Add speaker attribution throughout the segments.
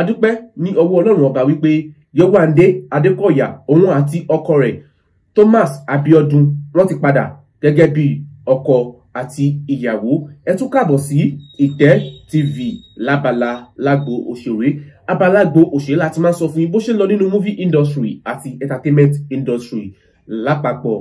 Speaker 1: adúpẹ́ ní ọwọ́ ọlọ́run ọba wípé yewande adékọ̀yà òun àti ọkọ rẹ̀ thomas abiodun wọ́n ti padà gẹ́gẹ́ bí ọkọ àti ìyàwó ẹ tún kàbọ̀ sí ìtẹ́ tv lábala lágbo òṣèré abalágbo òṣèré láti máa sọ fún yín bó ṣe ń lọ nínú movie industry àti entertainment industry lápapọ̀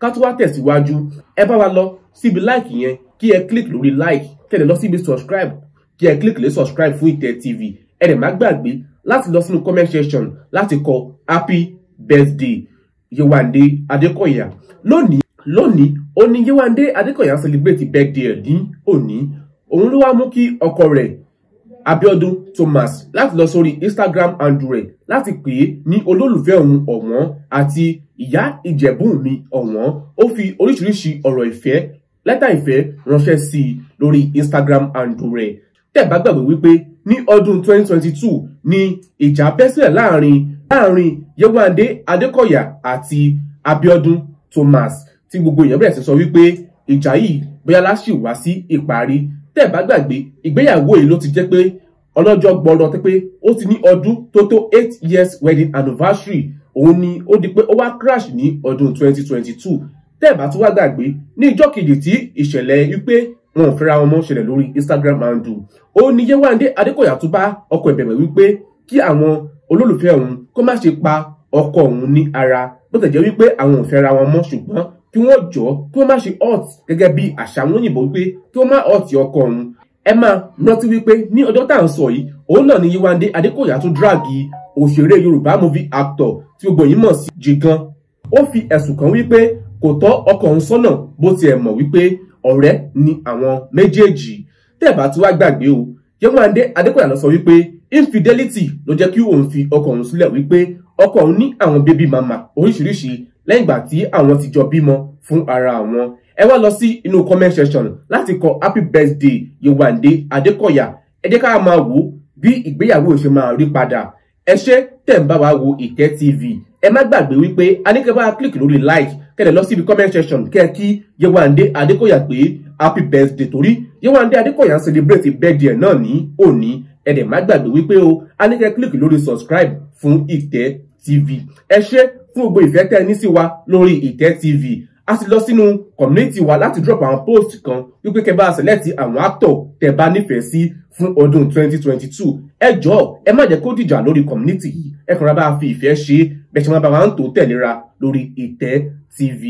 Speaker 1: ká tó wá tẹ̀síwájú ẹ bá wa lọ síbi like yẹn kí ẹ click lórí like kẹ́lẹ̀ lọ síbi subscribe kí ẹ click lórí subscribe fún ìtẹ́ tv ẹ dẹ̀ má gbàgbé láti lọ sínú comment section láti kọ happy birthday Yewande Adékọ̀yà lónìí lónìí ó ní Yewande Adékọ̀yà celebrate birthday ẹ̀ ní òní òun ló wá mú kí ọkọ rẹ̀ Abíọ́dún Thomas láti lọ sórí Instagram handle rẹ̀ láti pè é ní olólùfẹ́ òun ọ̀wọ́n àti ìyá ìjẹ̀bú mi ọ̀wọ́n ó fi oríṣiríṣi ọ̀rọ̀ ìfẹ́ lẹ́tà ìfẹ́ ránṣẹ́ sí i lórí Instagram handle rẹ̀ tẹ́ bá gbàgbé wípé ní ọdún 2022 ní ìjà bẹ́ sílẹ̀ láàrin láàrin Yewande adekoya àti abiodun Thomas tí gbogbo èèyàn bẹ̀rẹ̀ sí sọ wípé ìjà yìí bóyá láṣì wá sí ìparí tẹ́ ẹ̀ bá gbàgbé ìgbéyàwó yìí ló ti jẹ́ pé ọlọ́jọ́ gbọ́dọ̀ tẹ́ pé ó ti ní ọdún tó tó eight years wedding anniversary òun ni ó di pé ó wá crash ní ọdún 2022 tẹ́ ẹ̀ bá tún wá gbàgbé ní ìjọ́ kejì tí ìṣẹ̀lẹ̀ wípé wọn ò fẹ́ra wọn mọ́ ṣẹlẹ̀ lórí Instagram handle ó ní Yéwándé Adékọ̀yà tó bá ọkọ ìbẹ̀bẹ̀ wípé kí àwọn olólùfẹ́ òun kó má ṣe pa ọkọ òun ní ara bó tẹ̀ jẹ́ wípé àwọn ò fẹ́ra wọn mọ́ ṣùgbọ́n kí wọ́n jọ kí wọ́n má ṣe hot gẹ́gẹ́ bí àṣà àwọn òyìnbó wípé kí wọ́n má hot ọkọ òun ẹ máa rántí wípé ní ọjọ́ tá à ń sọ yìí òun náà ni Yéwándé Adékọ̀yà tó dráàgì òṣèré Yorùbá movie actor tí gbogbo yìí mọ̀ sí Jigan ó fi ẹ̀sùn kan wípé kò tọ́ ọkọ òun sọ́nà bó tiẹ̀ mọ̀ wípé ọ̀rẹ́ ni àwọn méjèèjì tẹ́ẹ̀bá tí wàá gbàgbé o Yéwándé Adékọ̀yà ló sọ wípé infidelity ló jẹ́ kí òun fi ọkọ òun sílẹ̀ wípé ọkọ òun ní àwọn bébí màmá oríṣiríṣi lẹ́yìn ìgbà tí àwọn ti jọ bímọ fún ara àwọn ẹ wá lọ sí inú comment section láti kọ happy birthday Yéwándé Adékọ̀yà ẹ jẹ́ ká máa wò bí ìgbéyàwó ṣe máa rí padà ẹ ṣé tẹ̀ ń bá wa wo Ìkẹ́ TV ẹ má gbàgbé wípé a ní kẹ́ bá click lórí like kẹ̀lẹ́ lọ síbi comment section kẹ́ ẹ kí Yewande Adékọ̀yà pé happy birthday torí Yewande Adékọ̀yà ń celebrate birthday ẹ̀ náà ní òní ẹ̀dẹ̀ má gbàgbé wípé o a ní kẹ́ click lórí subscribe fún ìtẹ́ tv ẹ ṣé fún gbogbo ìfẹ́ tẹ́ ẹ ní sí wa lórí ìtẹ́ tv a sì lọ sínú community wa láti drop àwọn post kan wípé kẹ́ bá select àwọn actor tẹ́ bá nífẹ̀ẹ́ sí fún ọdún 2022 ẹ jọ̀ọ́ ẹ má jẹ́ kó dìjà lórí community yìí ẹ kàn rà bá fi ìfẹ́ ṣe bẹ́ẹ̀ ṣe máa bá wa ń tò tẹ̀léra lórí ìtẹ́ TV.